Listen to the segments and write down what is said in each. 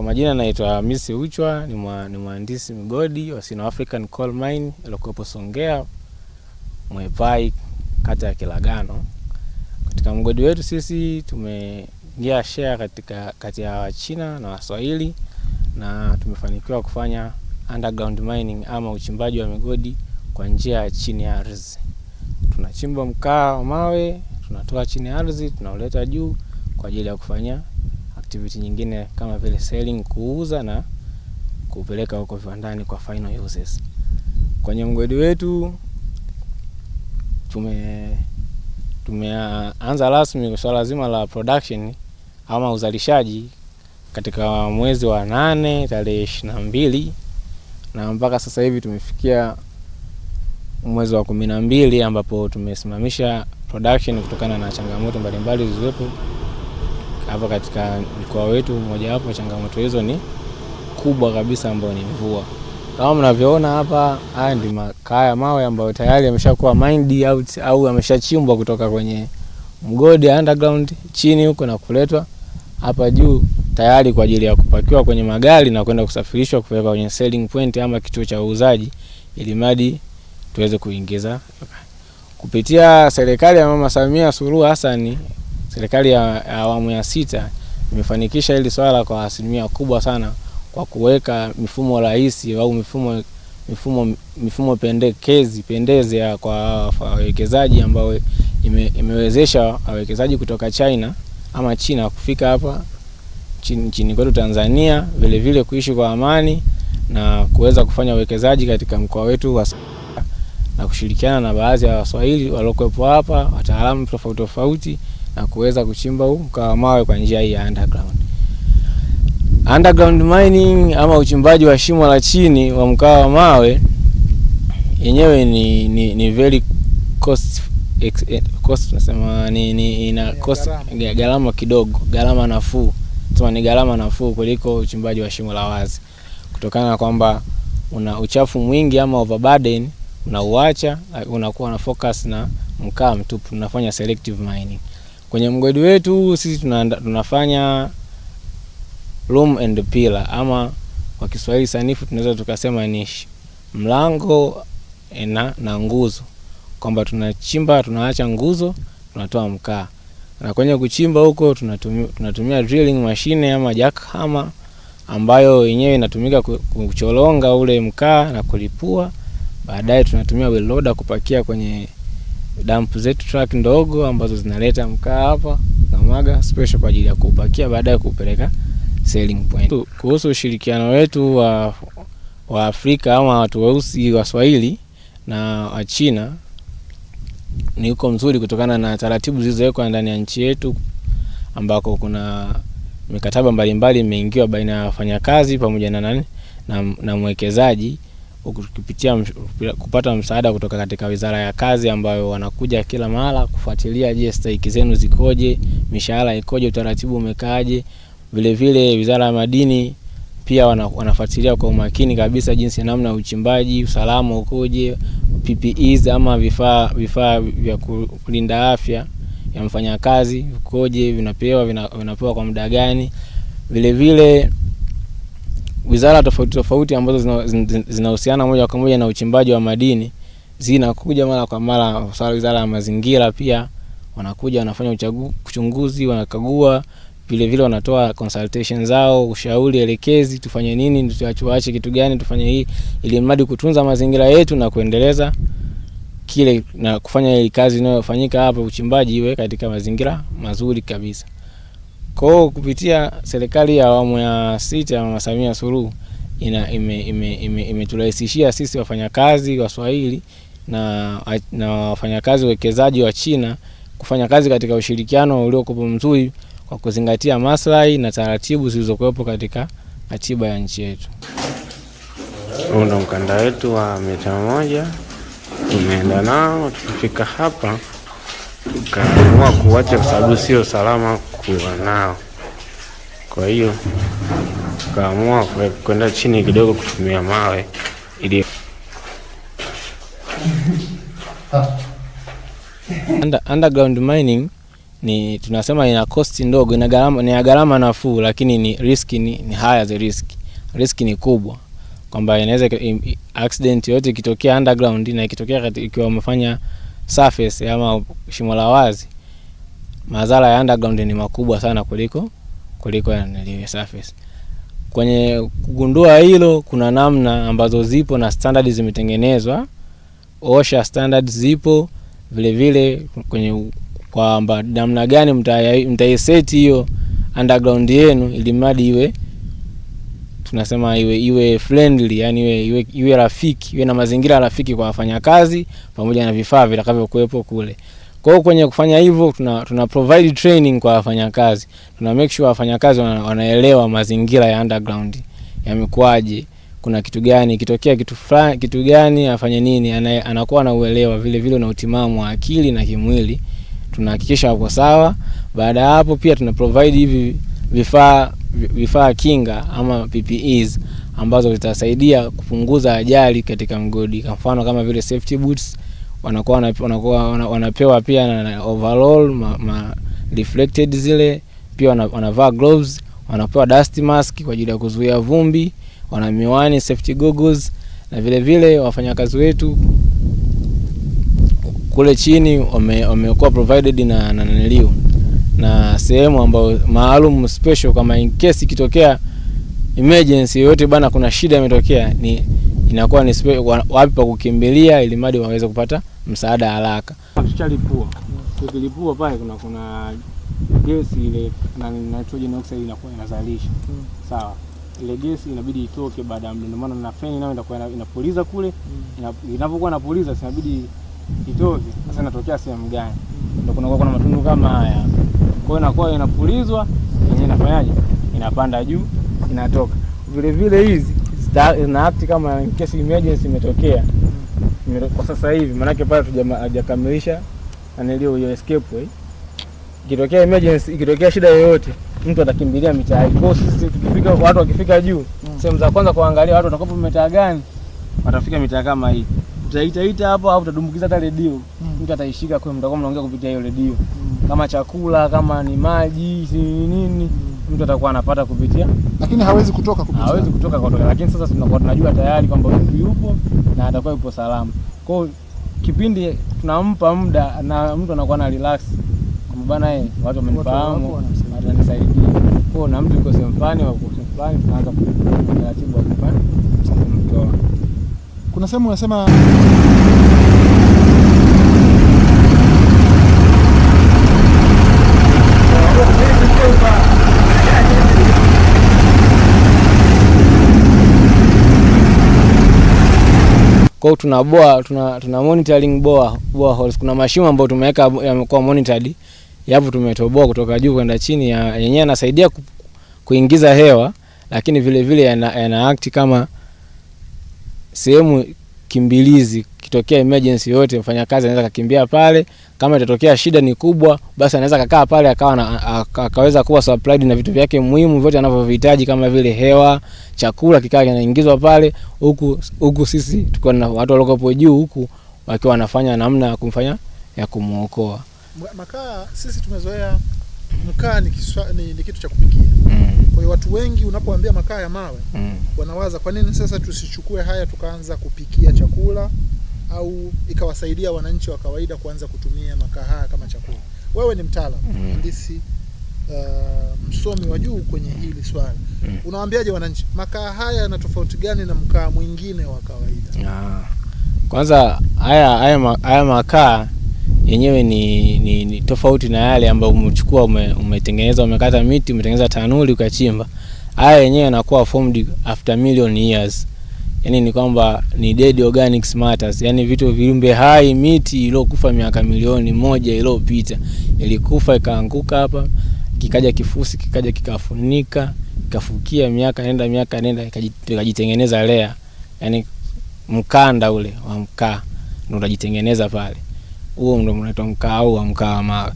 Kwa majina naitwa Hamisi Uchwa, ni mhandisi mgodi wa Sino African Coal Mine iliyokuwepo Songea Mwepai, kata ya Kilagano. Katika mgodi wetu sisi tumeingia share katika kati ya Wachina na Waswahili na tumefanikiwa kufanya underground mining ama uchimbaji wa migodi kwa njia ya chini ya ardhi. Tunachimba mkaa wa mawe, tunatoa chini ya ardhi, tunauleta juu kwa ajili ya kufanya activity nyingine kama vile selling, kuuza na kupeleka huko viwandani kwa final uses. Kwenye mgodi wetu tume tumeanza rasmi swala zima la production ama uzalishaji katika mwezi wa nane tarehe ishirini na mbili na mpaka sasa hivi tumefikia mwezi wa kumi na mbili ambapo tumesimamisha production kutokana na changamoto mbalimbali zilizopo hapa katika mkoa wetu, mojawapo changamoto hizo ni kubwa kabisa ambayo ni mvua. Kama mnavyoona hapa, haya ndio makaya mawe ambayo tayari yameshakuwa mined out au yameshachimbwa kutoka kwenye mgodi underground chini huko na kuletwa hapa juu tayari kwa ajili ya kupakiwa kwenye magari na kwenda kusafirishwa kupeleka kwenye selling point ama kituo cha uuzaji, ili mradi tuweze kuingiza. Kupitia serikali ya Mama Samia Suluhu Hassan serikali ya awamu ya sita imefanikisha hili swala kwa asilimia kubwa sana kwa kuweka mifumo rahisi au mifumo mifumo mifumo pendekezi pendeze ya kwa wawekezaji ambao ime, imewezesha wawekezaji kutoka China ama China kufika hapa nchini kwetu Tanzania, vile vile kuishi kwa amani na kuweza kufanya uwekezaji katika mkoa wetu wa na kushirikiana na baadhi ya Waswahili waliokuwepo hapa, wataalamu tofauti tofauti na kuweza kuchimba ukaa mawe kwa njia hii ya underground. Underground mining ama uchimbaji wa shimo la chini wa mkaa wa mawe yenyewe ni, ni, ni very cost ex, eh, cost nasema ni, ni ina cost gharama kidogo, gharama nafuu, sema ni gharama nafuu kuliko uchimbaji wa shimo la wazi, kutokana na kwamba una uchafu mwingi ama overburden unauacha, unakuwa na focus na mkaa mtupu, unafanya selective mining. Kwenye mgodi wetu sisi tunafanya room and pillar, ama kwa Kiswahili sanifu tunaweza tukasema ni mlango eh, na, na nguzo, kwamba tunachimba tunaacha nguzo tunatoa mkaa, na kwenye kuchimba huko tunatumia, tunatumia drilling machine ama jackhammer ambayo yenyewe inatumika kucholonga ule mkaa na kulipua. Baadaye tunatumia wheel loader kupakia kwenye dampu zetu truck ndogo ambazo zinaleta mkaa hapa Kamaga special kwa ajili ya kupakia baadaye kupeleka selling point. Kuhusu ushirikiano wetu wa, wa Afrika ama watu weusi Waswahili na Wachina ni uko mzuri kutokana na taratibu zilizowekwa ndani ya nchi yetu ambako kuna mikataba mbalimbali imeingiwa baina ya wafanyakazi pamoja na nani na, na mwekezaji kupitia kupata msaada kutoka katika Wizara ya Kazi ambayo wanakuja kila mara kufuatilia, je, stahiki zenu zikoje, mishahara ikoje, utaratibu umekaaje. Vile vile Wizara ya Madini pia wanafuatilia kwa umakini kabisa jinsi namna ya uchimbaji, usalama ukoje, PPEs ama vifaa vifaa vya kulinda afya ya mfanyakazi ukoje, vinapewa vinapewa kwa muda gani, vile vile wizara tofauti tofauti ambazo zinahusiana zina moja kwa moja na uchimbaji wa madini zinakuja mara kwa mara. Wizara ya mazingira pia wanakuja wanafanya uchunguzi wanakagua vilevile vile wanatoa consultation zao, ushauri elekezi, tufanye nini, tuachuache kitu gani, tufanye hii, ili mradi kutunza mazingira yetu na kuendeleza kile na kufanya kazi inayofanyika hapa uchimbaji iwe katika mazingira mazuri kabisa. Kwa hiyo kupitia serikali ya awamu ya sita ya Mama Samia Suluhu imeturahisishia ime, ime, ime sisi wafanyakazi Waswahili na, na wafanyakazi wekezaji wa China kufanya kazi katika ushirikiano uliokuwa mzuri kwa kuzingatia maslahi na taratibu zilizokuwepo katika katiba ya nchi yetu. Huu ndo mkanda wetu wa mita moja, tumeenda nao tukifika hapa tukaamua kuacha kwa sababu sio salama kuwa nao. Kwa hiyo kaamua kwenda chini kidogo kutumia mawe ili Under, underground mining ni tunasema ina cost ndogo, ina gharama, ni gharama nafuu, lakini ni risk ni, ni higher the risk. Risk ni kubwa kwamba inaweza accident yote ikitokea underground na ikitokea ikiwa umefanya surface ama shimo la wazi madhara ya underground ni makubwa sana kuliko kuliko ya surface. Kwenye kugundua hilo, kuna namna ambazo zipo na standardi zimetengenezwa, OSHA standards zipo vilevile vile, kwenye kwamba namna gani mtaiseti hiyo underground yenu ili mradi iwe tunasema iwe iwe friendly, yani iwe, iwe, iwe rafiki, iwe na mazingira rafiki kwa wafanyakazi pamoja na vifaa vitakavyokuwepo kule. Kwa hiyo kwenye kufanya hivyo tuna, tuna provide training kwa wafanyakazi, tuna make sure wafanyakazi wana, wanaelewa mazingira ya underground yamekuaje, kuna kitu gani kitokea kitu fulani, kitu gani afanye nini, anakuwa na uelewa vile vile na utimamu wa akili na kimwili, tunahakikisha wako sawa. Baada ya hapo pia tuna provide hivi vifaa vifaa kinga ama PPEs ambazo zitasaidia kupunguza ajali katika mgodi, kwa mfano kama vile safety boots wanakuwa wanakuwa wanapewa pia na, overall ma, ma reflected zile pia wanavaa gloves, wanapewa dust mask kwa ajili ya kuzuia vumbi, wana miwani safety goggles, na vile vile wafanyakazi wetu kule chini wamekuwa provided na na naniliu na sehemu ambayo maalum special, kama in case ikitokea emergency yoyote bana, kuna shida imetokea, ni inakuwa ni wapi pa kukimbilia, ili madi waweze kupata msaada haraka. Tukishalipua tukilipua pale kuna kuna gesi ile na nitrogen oxide inakuwa inazalisha mm. Sawa, ile gesi inabidi itoke baada ya muda, ndio maana na feni nayo inakuwa inapuliza kule mm. Inapokuwa inapuliza inabidi itoke mm. sasa, inatokea sehemu gani? Mm. Ndio kuna kuna matundu kama haya, kwa hiyo inakuwa inapulizwa yenyewe, inafanyaje? Inapanda juu, inatoka. Vile vile hizi zina act kama in case emergency imetokea mm kwa sasa hivi, maanake pale hajakamilisha anelio hiyo escape way. Eh. Ikitokea emergency, ikitokea shida yoyote, mtu atakimbilia mitaa hii. Kwa sisi tukifika, watu wakifika juu mm. sehemu za kwanza kuangalia watu watakopo mitaa gani, watafika mitaa kama hii, utaitaita hapo au utadumbukiza hata redio mm. mtu ataishika kwa, mtakuwa mnaongea kupitia hiyo redio mm. kama chakula, kama ni maji, si nini mm mtu atakuwa anapata kupitia, lakini hawezi kutoka kupitia, hawezi kutoka kutoka. Lakini sasa tunakuwa tunajua tayari kwamba mtu yupo na atakuwa yupo salama. Kwa hiyo kipindi tunampa muda na mtu anakuwa na relax kwamba bana, eh, watu wamenifahamu, watanisaidia. Kwa hiyo na mtu yuko sehemu fulani au sehemu fulani, tunaanza kuratibu wa kufanya. Kuna sehemu unasema Kwa hiyo tuna boa tuna, tuna monitoring boa boa holes. Kuna mashimo ambayo tumeweka yamekuwa monitored, yapo tumetoboa kutoka juu kwenda chini, yenyewe anasaidia ku, kuingiza hewa, lakini vile vile yana, yana act kama sehemu kimbilizi kitokea emergency yote, mfanyakazi anaweza kakimbia pale. Kama itatokea shida ni kubwa, basi anaweza kakaa pale akawa akaweza kuwa supplied na vitu vyake muhimu vyote anavyovihitaji kama vile hewa, chakula kikawa kinaingizwa pale, huku huku sisi tukiwa na watu waliokuwa juu huku wakiwa wanafanya namna ya kumfanya ya kumuokoa makaa. Sisi tumezoea mkaa ni, ni, ni kitu cha kupikia mm. Kwa hiyo watu wengi unapoambia makaa ya mawe mm. wanawaza kwa nini sasa tusichukue haya tukaanza kupikia chakula au ikawasaidia wananchi wa kawaida kuanza kutumia makaa haya kama chakula. Wewe ni mtaalamu mm. mhandisi, uh, msomi wa juu kwenye hili swala, mm. unawaambiaje wananchi, makaa haya yana tofauti gani na mkaa mwingine wa kawaida? Ah, kwanza haya haya haya makaa yenyewe ni, ni, ni tofauti na yale ambayo umechukua ume, umetengeneza umekata miti umetengeneza tanuri ukachimba. Haya yenyewe yanakuwa formed after million years yani ni kwamba ni dead organic matters, yani vitu viumbe hai, miti iliyokufa miaka milioni moja iliyopita ilikufa ikaanguka hapa, kikaja kifusi, kikaja kikafunika, kafukia miaka nenda miaka nenda, ikajitengeneza lea, yani mkanda ule wa mkaa ndo unajitengeneza pale, huo ndo mnaitwa mkaa au wa mkaa wa mawe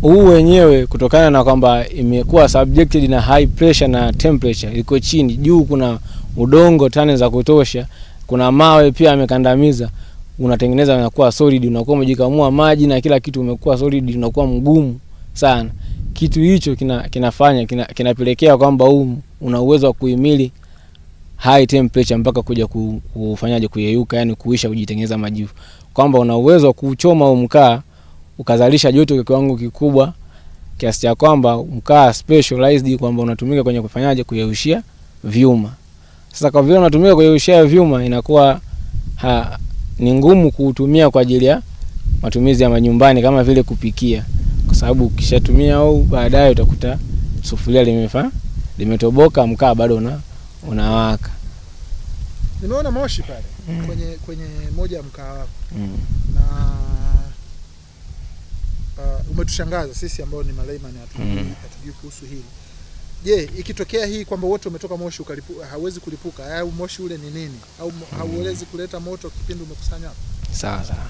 huu wenyewe kutokana na kwamba imekuwa subjected na high pressure na temperature iko chini, juu kuna udongo tani za kutosha, kuna mawe pia amekandamiza, unatengeneza unakuwa solid, unakuwa umejikamua maji na kila kitu, umekuwa solid, unakuwa mgumu sana. Kitu hicho kina, kinafanya kina, kinapelekea kwamba huu una uwezo wa kuhimili high temperature mpaka kuja kufanyaje kuyeyuka, yani kuisha kujitengeneza majivu, kwamba una uwezo wa kuchoma huu mkaa ukazalisha joto kwa kiwango kikubwa kiasi cha kwamba mkaa specialized kwamba unatumika kwenye kufanyaje kuyeushia vyuma. Sasa kwa vile unatumia kuyeyushia vyuma inakuwa ha, ni ngumu kuutumia kwa ajili ya matumizi ya manyumbani kama vile kupikia, kwa sababu ukishatumia au baadaye utakuta sufuria limefa limetoboka, mkaa bado una unawaka. Nimeona moshi pale mm. kwenye kwenye moja ya mkaa wako mm. na uh, umetushangaza sisi ambao ni malaimani hatujui mm. kuhusu hili Je, ikitokea hii kwamba wote umetoka moshi ukalipuka, hauwezi kulipuka au moshi ule ni nini au mm, hauwezi kuleta moto kipindi umekusanywa? Sawa sawa.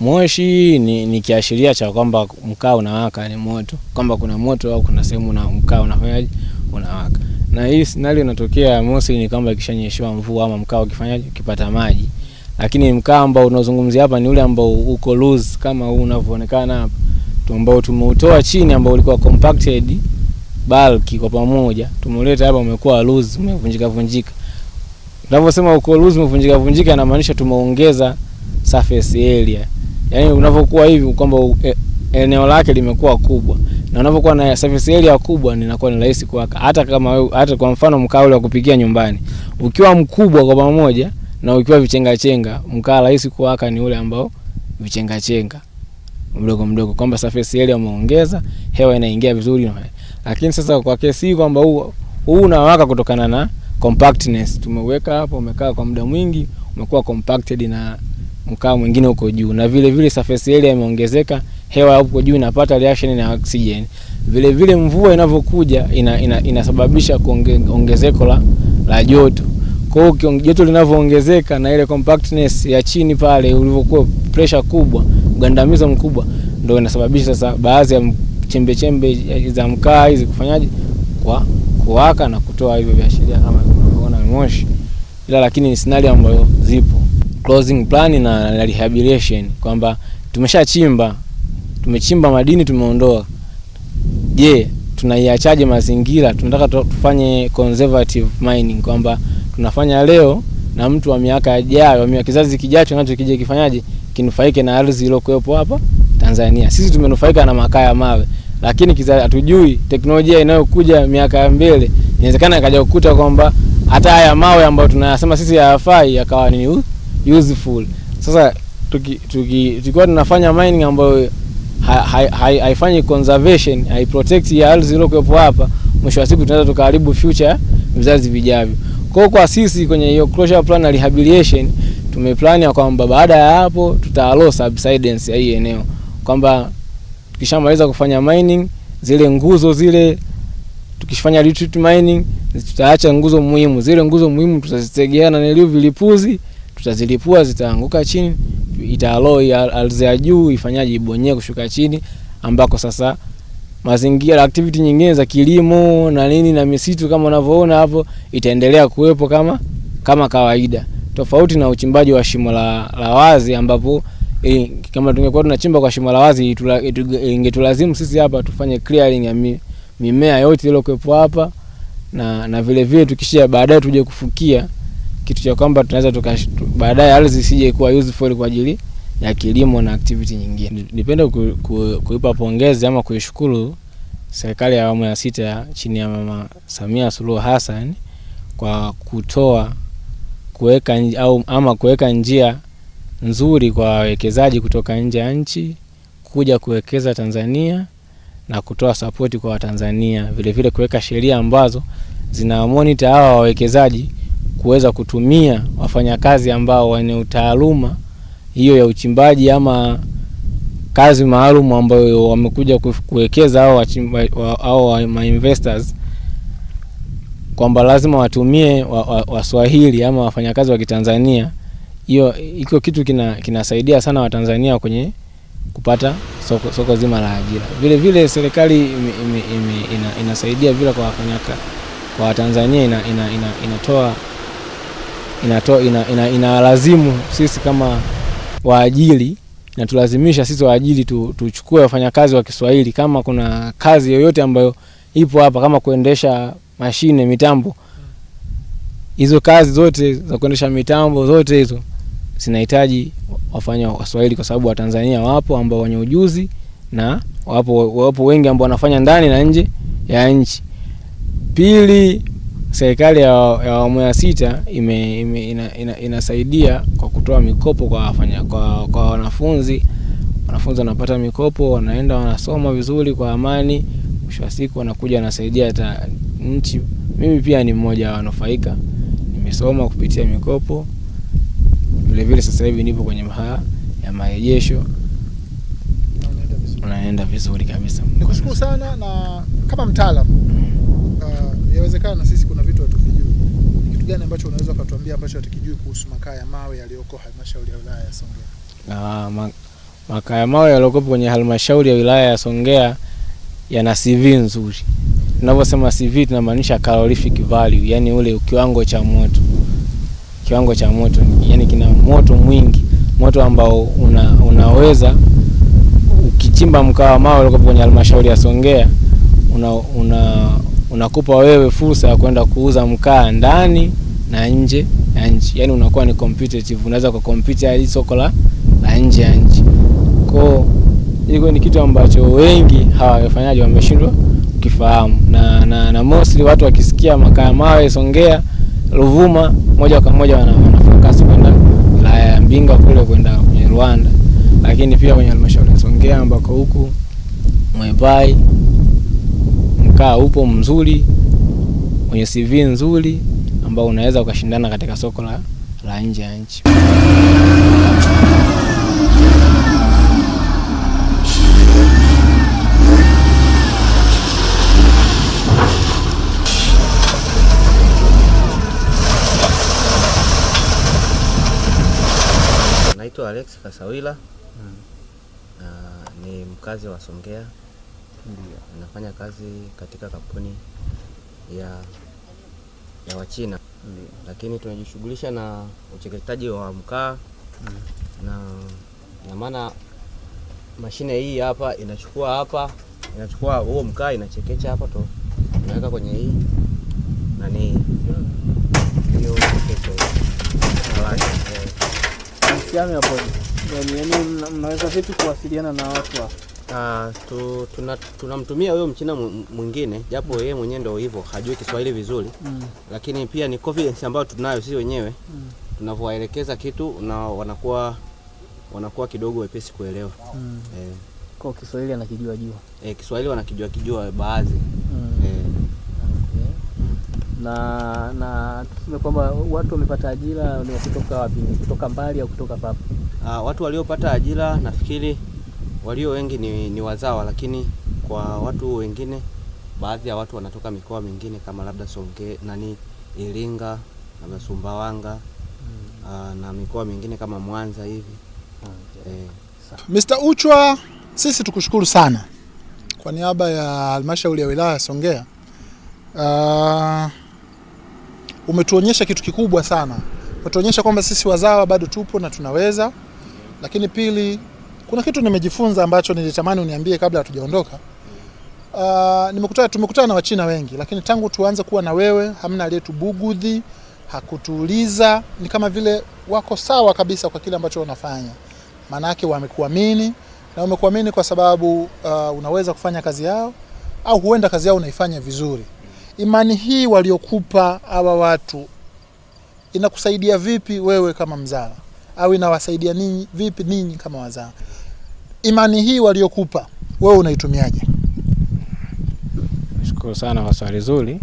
Moshi ni, ni kiashiria cha kwamba mkaa unawaka, ni moto, kwamba kuna moto au kuna sehemu na mkaa unafanyaje, unawaka. Na hii sinali inatokea mosi ni kwamba ikishanyeshwa mvua ama mkaa ukifanyaje, ukipata maji. Lakini mkaa ambao unazungumzia hapa ni ule ambao uko loose kama huu unavyoonekana hapa, Tu ambao tumeutoa chini, ambao ulikuwa compacted bulk kwa pamoja, tumeleta hapa, umekuwa loose, umevunjika vunjika. Unavyosema uko loose, umevunjika vunjika, inamaanisha tumeongeza surface area, yani unavyokuwa hivi kwamba e, eneo lake limekuwa kubwa, na unapokuwa na surface area kubwa, ninakuwa ni rahisi kuwaka. Hata kama hata kwa mfano mkaa ule wa kupikia nyumbani ukiwa mkubwa kwa pamoja na ukiwa vichenga chenga, mkaa rahisi kuwaka ni ule ambao vichenga chenga mdogo mdogo, kwamba surface area umeongeza, hewa inaingia vizuri na lakini sasa kwa kesi hii kwamba huu huu unawaka kutokana na compactness, tumeweka hapo, umekaa kwa muda mwingi, umekuwa compacted na mkaa mwingine huko juu, na vile vile surface area imeongezeka, hewa huko juu inapata reaction na oxygen. Vile vile mvua inavyokuja ina, ina, inasababisha ongezeko la, la joto. Kwa hiyo joto linavyoongezeka na ile compactness ya chini pale ulivyokuwa pressure kubwa, mgandamizo mkubwa ndio inasababisha sasa baadhi ya chembe chembe za mkaa hizi kufanyaje, kwa kuwaka na kutoa hivyo viashiria kama unavyoona moshi, ila lakini ni scenario ambayo zipo closing plan na rehabilitation, kwamba tumeshachimba, tumechimba madini, tumeondoa. Je, tunaiachaje mazingira? Tunataka tufanye conservative mining, kwamba tunafanya leo na mtu wa miaka ajayo wa kizazi kijacho nacho kije kifanyaje, kinufaike na ardhi iliyokuwepo hapa. Tanzania. Sisi tumenufaika na makaa ya mawe, lakini kiza hatujui teknolojia inayokuja miaka ya mbele, inawezekana ikaja kukuta kwamba hata haya mawe ambayo tunayasema sisi hayafai yakawa ni useful. Sasa tuki, tuki, tukiwa tunafanya mining ambayo haifanyi hai, hai conservation, hai protect ya ardhi iliyokuwepo hapa, mwisho wa siku tunaweza tukaharibu future vizazi vijavyo. Kwa kwa sisi kwenye hiyo closure plan na rehabilitation tumeplania kwamba baada ya hapo tutaallow subsidence ya hii eneo kwamba tukishamaliza kufanya mining zile nguzo zile, tukifanya retreat mining tutaacha nguzo muhimu, zile nguzo muhimu tutazitegea na nilio vilipuzi, tutazilipua zitaanguka chini, italoi ardhi ya juu ifanyaje, ibonye kushuka chini, ambako sasa mazingira activity nyingine za kilimo na nini na misitu kama unavyoona hapo itaendelea kuwepo kama kama kawaida, tofauti na uchimbaji wa shimo la, la wazi ambapo e, kama tungekuwa tunachimba kwa shimo la wazi ingetulazimu sisi hapa tufanye clearing ya mi, mimea yote iliyokuwepo hapa na na vile vile tukishia baadaye tuje kufukia kitu cha kwamba tunaweza tuka baadaye ardhi sije kuwa useful kwa ajili ya kilimo na activity nyingine. Nipende ku, ku, kuipa pongezi ama kuishukuru serikali ya awamu ya sita chini ya Mama Samia Suluhu Hassan kwa kutoa kuweka au ama kuweka njia nzuri kwa wawekezaji kutoka nje ya nchi kuja kuwekeza Tanzania na kutoa sapoti kwa Watanzania, vilevile kuweka sheria ambazo zinawamonita hawa wawekezaji kuweza kutumia wafanyakazi ambao wana utaaluma hiyo ya uchimbaji ama kazi maalum ambayo wamekuja kuwekeza au ma investors kwamba lazima watumie Waswahili wa, wa ama wafanyakazi wa Kitanzania hiyo iko kitu kina, kinasaidia sana Watanzania kwenye kupata soko, soko zima la ajira. Vile vile serikali ina, inasaidia vile kwa wafanyaka kwa Watanzania ina, ina, ina, inatoa inalazimu ina, ina, ina sisi kama waajiri natulazimisha sisi waajiri tu, tuchukue wafanyakazi wa Kiswahili kama kuna kazi yoyote ambayo ipo hapa kama kuendesha mashine mitambo, hizo kazi zote za kuendesha mitambo zote hizo zinahitaji wafanya Waswahili kwa sababu Watanzania wapo ambao wenye ujuzi na wapo, wapo wengi ambao wanafanya ndani na nje ya nchi. Pili, serikali ya awamu ya sita ime, ime, ina, ina, inasaidia kwa kutoa mikopo kwa wafanya, kwa, kwa wanafunzi. Wanafunzi wanapata mikopo, wanaenda wanasoma vizuri kwa amani, mwisho wa siku wanakuja wanasaidia hata nchi. Mimi pia ni mmoja wa wanufaika, nimesoma kupitia mikopo. Vilevile sasa hivi nipo kwenye mahala ya marejesho, unaenda vizuri kabisa. Nikushukuru sana na kama mtaalamu mm. uh, yawezekana na sisi kuna vitu hatuvijui. Ni kitu gani ambacho unaweza ukatuambia ambacho hatukijui kuhusu makaa ya mawe yaliyoko halmashauri ya wilaya ya Songea? Uh, makaa ya mawe yaliyoko kwenye halmashauri ya wilaya ya Songea yana CV nzuri. Tunavyosema CV tunamaanisha calorific value, yani ule kiwango cha moto, kiwango cha moto yani kina moto mwingi, moto ambao una, unaweza ukichimba mkaa wa mawe uliokuwa kwenye halmashauri ya Songea una, una unakupa wewe fursa ya kwenda kuuza mkaa ndani na nje ya nchi, yaani unakuwa ni competitive, unaweza kwa compete hili soko la la nje ya nchi. Kwa hiyo ni kitu ambacho wengi hawafanyaji wameshindwa kukifahamu, na, na, na mostly watu wakisikia makaa mawe Songea Ruvuma moja kwa moja wana, wana Mbinga kule kwenda kwenye Rwanda, lakini pia kwenye halmashauri ya Songea ambako huku mwepai mkaa upo mzuri kwenye CV nzuri ambao unaweza ukashindana katika soko la, la nje ya nchi. Alex Kasawila mm. Uh, ni mkazi wa Songea ndio anafanya kazi katika kampuni ya, ya Wachina ndio, lakini tunajishughulisha na ucheketaji wa mkaa mm. na na maana mashine hii hapa inachukua hapa inachukua huo mkaa inachekecha hapa to tunaweka kwenye hii nani hiyo chekecho ushirikiano hapo ni yani, mnaweza vipi kuwasiliana na watu hapo? Ah, tu, tuna, tunamtumia huyo mchina mwingine japo yeye mm. mwenyewe ndio hivyo hajui Kiswahili vizuri mm. lakini pia ni confidence ambayo tunayo sisi wenyewe mm. tunavyowaelekeza kitu na wanakuwa wanakuwa kidogo wepesi kuelewa mm. eh. kwa Kiswahili anakijua jua eh, Kiswahili wanakijua kijua baadhi mm na na tuseme kwamba watu wamepata ajira ni kutoka wapi? Kutoka mbali au kutoka papo? Uh, watu waliopata ajira nafikiri walio wengi ni, ni wazawa, lakini kwa watu wengine baadhi ya watu wanatoka mikoa mingine kama labda Songe nani Iringa na Sumbawanga hmm. uh, na mikoa mingine kama Mwanza hivi okay. eh. Mr. Uchwa, sisi tukushukuru sana kwa niaba ya halmashauri ya wilaya ya Songea uh, umetuonyesha kitu kikubwa sana, umetuonyesha kwamba sisi wazawa bado tupo na tunaweza. Lakini pili, kuna kitu nimejifunza ambacho nilitamani uniambie kabla hatujaondoka. Uh, ah, nimekutana tumekutana na Wachina wengi, lakini tangu tuanze kuwa na wewe hamna aliyetubugudhi, hakutuuliza. Ni kama vile wako sawa kabisa kwa kile ambacho unafanya, maanake wamekuamini na wamekuamini kwa sababu uh, unaweza kufanya kazi yao, au huenda kazi yao unaifanya vizuri imani hii waliokupa hawa watu inakusaidia vipi wewe kama mzaa au inawasaidia ninyi vipi ninyi kama wazaa Imani hii waliokupa wewe unaitumiaje? shukuru sana kwa swali zuri.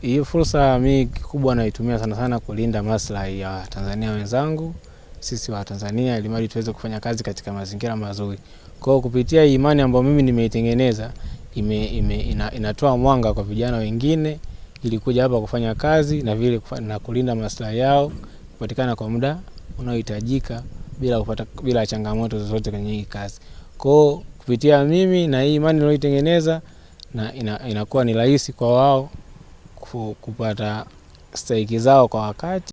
hii fursa mi kikubwa naitumia sana sana kulinda maslahi ya Watanzania wenzangu, sisi Watanzania, ili tuweze kufanya kazi katika mazingira mazuri. Kwa kupitia imani ambayo mimi nimeitengeneza ime, ime, ina, inatoa mwanga kwa vijana wengine ili kuja hapa kufanya kazi na vile na kulinda maslahi yao kupatikana kwa muda unaohitajika bila kupata, bila changamoto zozote kwenye hii kazi. Kwa kupitia mimi na hii imani niliyoitengeneza na ina, inakuwa ni rahisi kwa wao kupata stahiki zao kwa wakati.